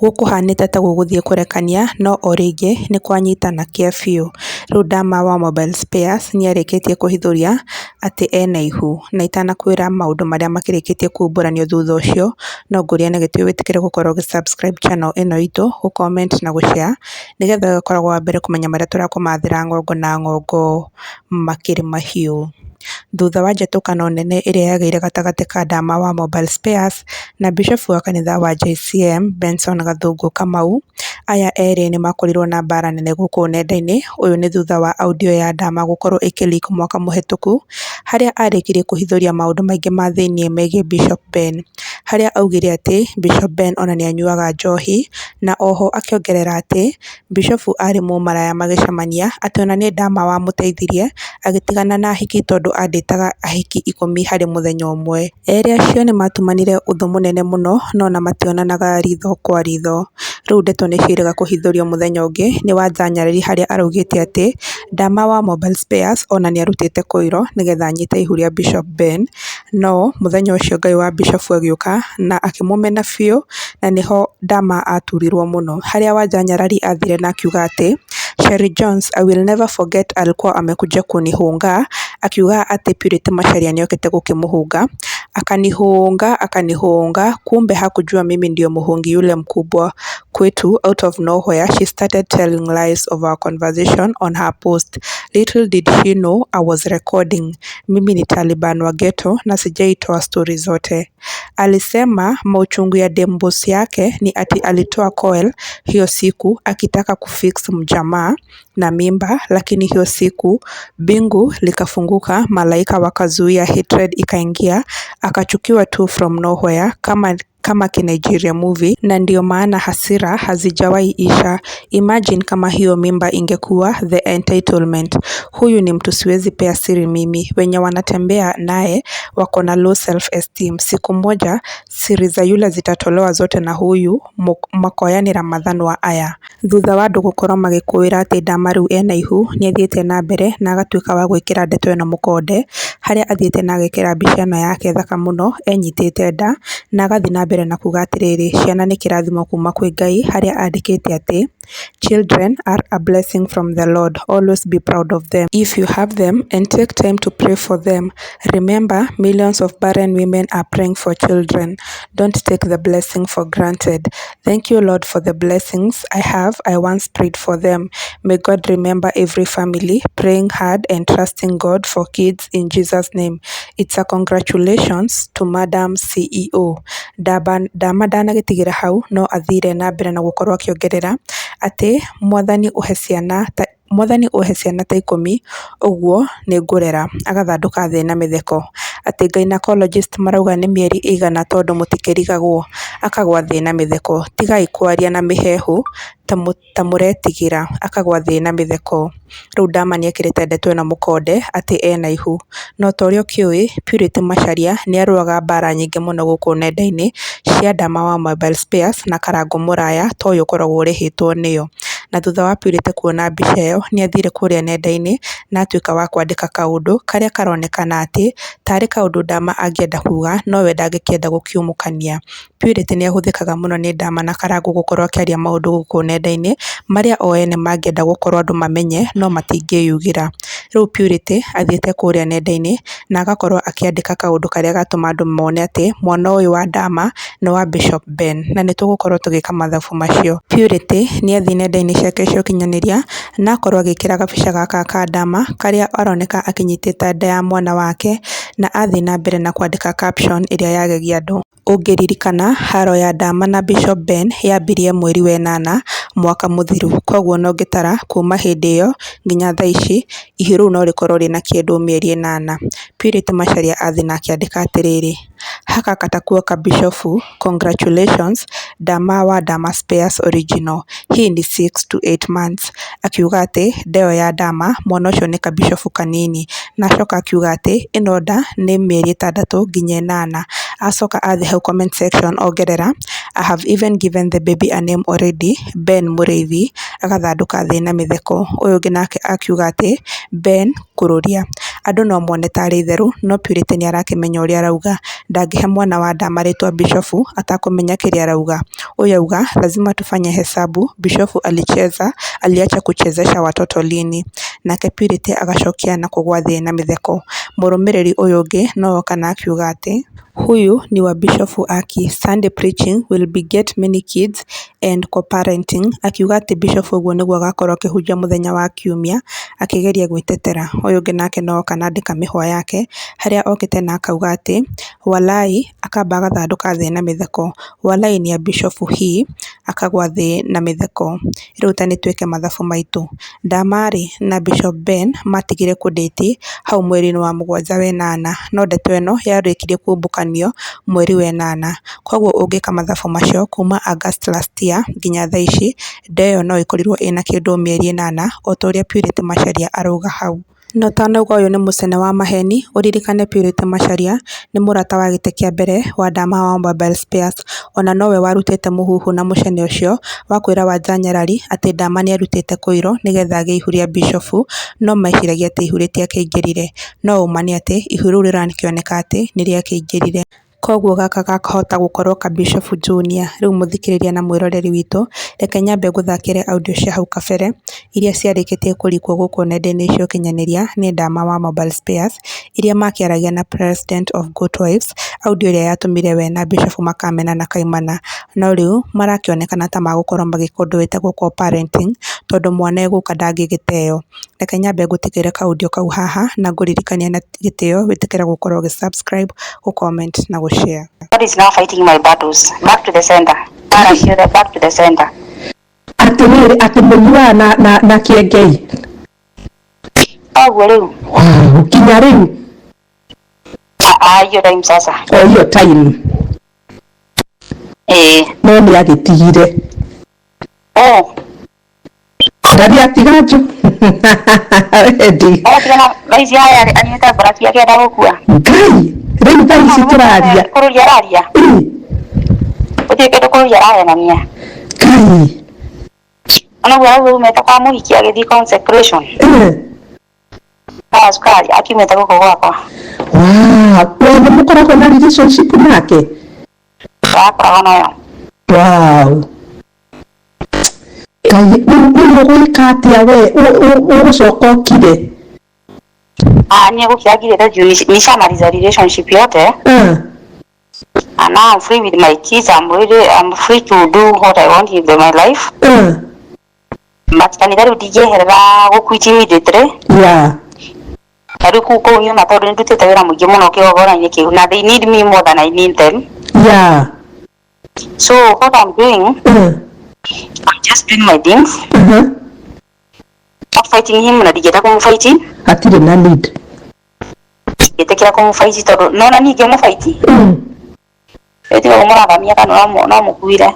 Gũkũhanĩte ta gũgũthiĩ kũrekania no orĩngĩ nĩkwanyitana kĩa biũ rĩu Dama wa Mobile Spares nĩarĩkĩtie kũhithũria atĩ ena ihu na itanakwĩra maũndũ marĩa makĩrĩkĩtie kumbũranio thutha ũcio no ngũũrie na gĩtĩo wĩtĩkĩre gũkorwo ũgĩ subscribe channel ĩno itũ gũ comment na gũ share nĩgetha ũgakoragwo wa mbere kũmenya marĩa tũrakũmathĩra ng'ongo na ng'ongo makĩria mahiũ thutha wa njatũkano nene ĩrĩa yagĩire gatagatĩ ka Ndama wa Mobile Spares na bishofu wa kanitha wa JCM Benson Gathũngũ Kamau, aya ni nĩmakorirwo na mbara nene gũkũ nenda-inĩ ũyũ nĩ thutha wa audio ya Ndama gũkorwo ĩkĩ leak mwaka mũhetũku harĩa arĩkirie kũhithũria maũndũ maingĩ ma thĩiniĩ megie Bishop Ben harĩa augire atĩ Bishop Ben ona nĩ anyuaga njohi, na oho akĩongerera atĩ Bishop arĩ mũmaraya magĩcemania, atĩ ona nĩ Ndama wamũteithirie, agĩtigana na ahiki tondũ andĩtaga ahiki ikũmi harĩ mũthenya ũmwe. Erĩ acio nĩ maatumanire ũthũ mũnene mũno no ona na mationanaga ritho kwa ritho Rĩu ndeto ni nĩciĩrĩga kũhithũrio mũthenya ũngĩ nĩ Wanjanyarĩri harĩa araugĩte atĩ Ndama wa Mobile Spares ona ni nĩarutĩte kũirwo nĩgetha anyite ihu rĩa Bishop Ben no mũthenya ũcio Ngai wa Bishop agĩũka na akĩmũmena biũ na nĩho Ndama aturirwo mũno harĩa Wanjanyarĩri athire na akiuga atĩ Sherry Jones I will never forget alikuwa amekuja kunihunga akiuga atĩ Purity Macharia nĩokĩte gũkĩmũhunga akanihonga akanihonga, kumbe hakujua mimi ndio muhongi yule mkubwa kwetu. Out of nowhere she started telling lies of our conversation on her post. Little did she know I was recording. Mimi ni Taliban wa ghetto na sijaitoa stori zote. Alisema mauchungu ya dembos yake ni ati alitoa coil hiyo siku akitaka kufix mjamaa na mimba, lakini hiyo siku bingu likafunguka, malaika wakazuia, hatred ikaingia, akachukiwa tu from nowhere kama kama ki Nigeria movie na ndio maana hasira hazijawahi isha. Imagine kama hiyo mimba ingekuwa the entitlement. Huyu ni mtu siwezi pea siri mimi. Wenye wanatembea naye wako na low self esteem. Siku moja siri za yule zitatolewa zote na huyu Makoyani Ramadhan wa Aya. Thutha wa andũ gũkorwo magĩkũĩra atĩ ndama rĩu ena ihu nĩathiĩte na mbere na agatuĩka wa gwĩkĩra ndeto ĩno mũkonde haria athiĩte na agekĩra mbica ĩno yake thaka mũno enyitĩte nda na agathiĩ na mbere mbere na kuuga atĩrĩrĩ ciana nĩ kĩrathimo kuuma kwĩ Ngai harĩa andĩkĩte atĩ children are a blessing from the Lord always be proud of them if you have them and take time to pray for them remember millions of barren women are praying for children don't take the blessing for granted thank you Lord for the blessings I have I once prayed for them may God remember every family praying hard and trusting God for kids in Jesus name It's a congratulations to Madam CEO ndamada na hau no athire na mbere na gũkorwo akĩongerera atĩ Mwathani ũhe ciana Mwathani ũhe ciana ta ikũmi ũguo nĩ ngũrera agathandũka thĩ na mĩtheko atĩ gynecologist marauga nĩ mĩeri ĩigana tondũ mũtikĩrigagwo akagwa thĩ na mĩtheko tigai kwaria na mĩheehũ ta mũretigĩra akagwa thĩ na mĩtheko. Rĩu Daमा nĩekĩrĩte ndeto ĩno mũkonde atĩ ena ihu no ta ũrĩa ũkĩũĩ Purity Macharia nĩarũaga mbara nyingĩ mũno gũkũ nenda-inĩ cia ndama wa Mobile Spares na Karangu Mũraya ta ũyũ ũkoragwo ũrĩhĩtwo nĩyo na thutha wa Purity kuona mbica ĩyo nĩathire kũrĩa nenda-inĩ na atuĩka wa kwandĩka kaũndũ karĩa karonekana atĩ tarĩ kaũndũ Ndama angĩenda kuga nowe ndangĩkĩenda gũkiumũkania. Purity nĩahũthĩkaga mũno nĩ Ndama na Karangũ gũkorwo akĩaria maũndũ gũkũ nenda-inĩ marĩa o ene mangĩenda gũkorwo andũ mamenye no matingĩyugĩra. Rĩu Purity athiĩte kũrĩa nenda-inĩ na agakorwo akĩandĩka kaũndũ karĩa gatũma andũ mone atĩ mwana ũyũ wa dama nĩ wa Bishop Ben, na tũgũkorwo tũgĩka mathabu macio. Purity athiĩ nenda-inĩ ciake cia ũkinyanĩria na akorwo agĩkĩra gabica gaka ka Adama karĩa aroneka akĩnyitĩte nda ya mwana wake, na athiĩ na mbere na kwandĩka caption ĩrĩa yagegia andũ. Ũngĩririkana haro ya dama na Bishop Ben yambirie mweri wa ĩnana mwaka mũthiru kwoguo ona ũngĩtara kuma hĩndĩ ĩyo nginya thaa ici ihu rĩu no rĩkorwo rĩna kĩndũ mĩeri ĩnana Purity Macharia athĩĩ na akĩandĩka atĩrĩrĩ ‘Haka katakuoka bishofu congratulations dama wa dama Spares Original hii ni 6-8 to months’ akiuga atĩ ndeo ya dama mwana ũcio nĩ kabishofu kanini na acoka akiuga atĩ ĩno nda nĩ mĩeri ĩtandatũ nginya ĩnana acoka athĩĩ hau comment section ongerera I have even given the baby a name already Ben Mũrĩithi agathandũka thĩ na mitheko uyu ũngĩ nake akiuga ati Ben kururia andũ no mone tarĩ theru no Purity ni nĩarakĩmenya ũrĩa arauga ndangĩhe mwana wa nda bishop Bishofu atakũmenya kĩrĩa arauga uyu auga lazima tufanye hesabu bishop alicheza aliacha kuchezesha watoto lini nake Purity agacokia na kũgũa thĩ na mitheko mũrũmĩrĩri uyu ũngĩ no kana akiuga ati Huyu ni wa Bishop Aki. Sunday preaching will beget many kids and co-parenting. Akiuga atĩ Bishop ũguo nĩguo agakorwo akĩhunjia mũthenya wa Kiumia, akĩgeria gwĩtetera. Ũyũ ũngĩ nake no oka na andĩka mĩhwa yake, harĩa okĩte na akauga atĩ, "Walai akamba agathandũka thĩ na mĩtheko wa laini ya bishofu hi akagwa thĩ na mĩtheko, rĩu ta nĩtwĩke mathabu maitũ, Ndama-rĩ na Bishop Ben matigire kũndĩti hau mweri-inĩ wa mũgwanja wenana no ndeto ĩno yarĩkirie kũmbũkanio mweri wenana, kwoguo ũngĩka mathabu macio kuma August last year nginya thaa ici, ndeto ĩyo no ĩkorirwo ĩna kĩndũ mĩeri ĩnana ta ũrĩa Purity Macharia arauga hau no tanauga ũyũ nĩ mũcene wa maheni ũririkane Purity Macharia nĩ mũrata wa gĩtĩ kĩa mbere wa Dama wa Mobile Spares ona nowe warutĩte mũhuhu na mũcene ũcio wa kwĩra Wanja Nyarari atĩ Dama nĩarutĩte kũirwo nĩgetha agĩe ihu rĩa bishofu no meciragia atĩ ihu rĩtiakĩingĩrire no ũma nĩ atĩ ihu rĩu rĩrakĩoneka atĩ nĩrĩakĩingĩrire koguo gaka gakahota gũkorwo ka Bishop Junior rĩu mũthikĩrĩria na mwĩroreri witũ reke nyambe ngũthakĩre audio cia hau kabere iria ciarĩkĩtie kũrikwo gũkũ nenda-inĩ cia ũkinyanĩria nĩ Ndama wa Mobile Spares iria makĩaragia na President of Good Wives, audio ĩrĩa yatũmire we na Bishop makamena na kaimana no rĩu marakĩonekana ta magũkorwo magĩka ũndũ wĩtagwo co-parenting tondũ mwana egũka ndangĩgĩteo. Reke nyambe ngũtigĩre ka audio kau haha na ngũririkanie na gĩtĩo wĩtĩkĩre gũkorwo ũgĩ subscribe, gũ comment na gũ share. God is now fighting my battles. Back to the center. Parashuta, back to the center. Atĩrĩrĩ akĩmũnyuaga na na na kĩengei. Oguo rĩu. Kinya rĩu. Hiyo time sasa. Oh, o time. Eh. No nĩ agĩtigire. Oh. Ndathĩ atiga njũ. Vedi. aiutare la ya, mia. Ana gua lu meta kwa mu hikia ge di consecration. Ya? Ya, ya? Eh. Ah, skali akimeta kwa kwa kwa. Wow, kwa mukora kwa na relationship nake. Kwa kwa nayo. Wow. ngai rä gå ä ka we å gå coka å kire nä egå kä angire yote now I'm free with my kids. I'm really I'm free to do what I want in my life. Mm. But can you DJ Herba go quit immediately? Yeah. Tari kuko hiyo na tondå nä ndutete wä ra må ingä må no kä gogora-inä kä u na they need me more than I need them yeah. so what I'm doing mm. I'm just doing my things. Mm -hmm. Not fighting him na ndigeta kumufight. Hatirĩ na need. Ndigĩtĩkĩra kumufight tondũ no na ningĩ mũfight. Mm. Etiga mũrathamia kana no no mũkuire.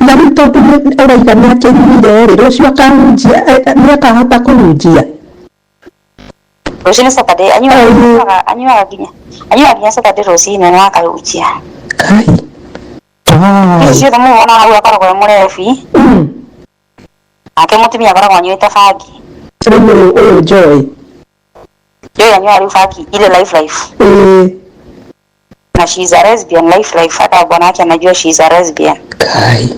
Na rĩu tondũ ũraiga nĩ akĩnyire rĩ rũciũ akanjia nĩ e, akahota e, kũnjia. Rũciinĩ Saturday anyuaga anyuaga nginya anyuaga nginya Saturday rũciinĩ na akarunjia. Kai icio tumwona hau akoragwo e mũrebi nake mũtumia akoragwo anyuĩte bangi ũyũ ũyũ joy joy anyua rĩu bangi ile life life eh. na she is a lesbian life life hata bwanake anajua she is a lesbian kai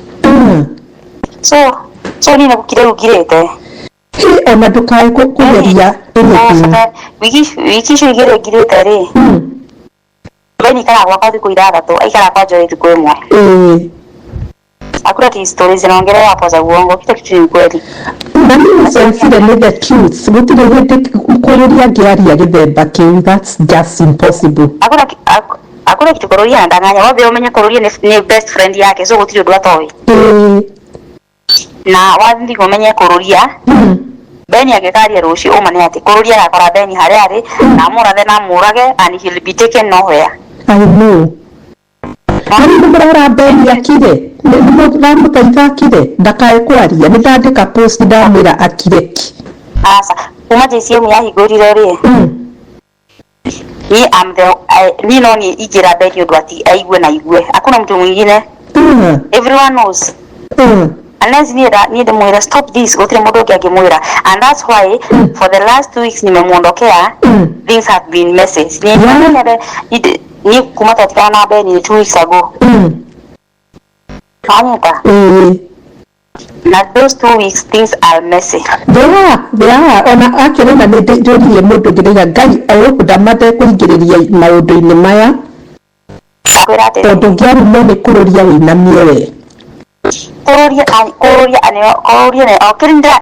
so so ni nakukire ugirete ona eh, ndukae kugeria wiki icio igĩrĩ te rĩ hmm ikara gwakwa thiku ithathatu aikara kwa njoi thiku imwe akura ti stories zinaongelea hapo za uongo kitu kitu ni kweli nani msafiri ni the truth gutire hete kukoreria ngiaria githemba kiu that's just impossible akura akura kitu kuroria na danganya wothe umenye kuroria ni, best friend yake so gutire ndu atowe na wathi umenye kuroria Beni agĩkaria rũciũ ũma nĩ atĩ kũrũria agakora Beni harĩa arĩ na amũrathe na amũrage and he will be taken nowhere know rä u ndärora mberi akire ramå taitha akire ndakae kwaria nä ndandä ka ndamä ra akire aca kuma jci mu yahingå rire rä ni hmm. amthe ni no ni ingira mberi å ndå ati aigue hmm. hmm. unless ni da ni da mwira stop this gutire mundu ungi angimwira and that's why for the last two weeks nimemuondokea things have been message ni yeah ni kuma ta tika na bed ni weeks sago Mm. Anita. Mm. Now those two weeks things are messy. ona They are, they are. Ona actually na ndĩrĩrie mũndũ ngĩrĩga Ngai ya matekũingĩrĩria odo ine maya odo tondũ ngĩarumwo nĩ kũrũria wĩinamie we kũrũria kũrũria ne okĩrindĩra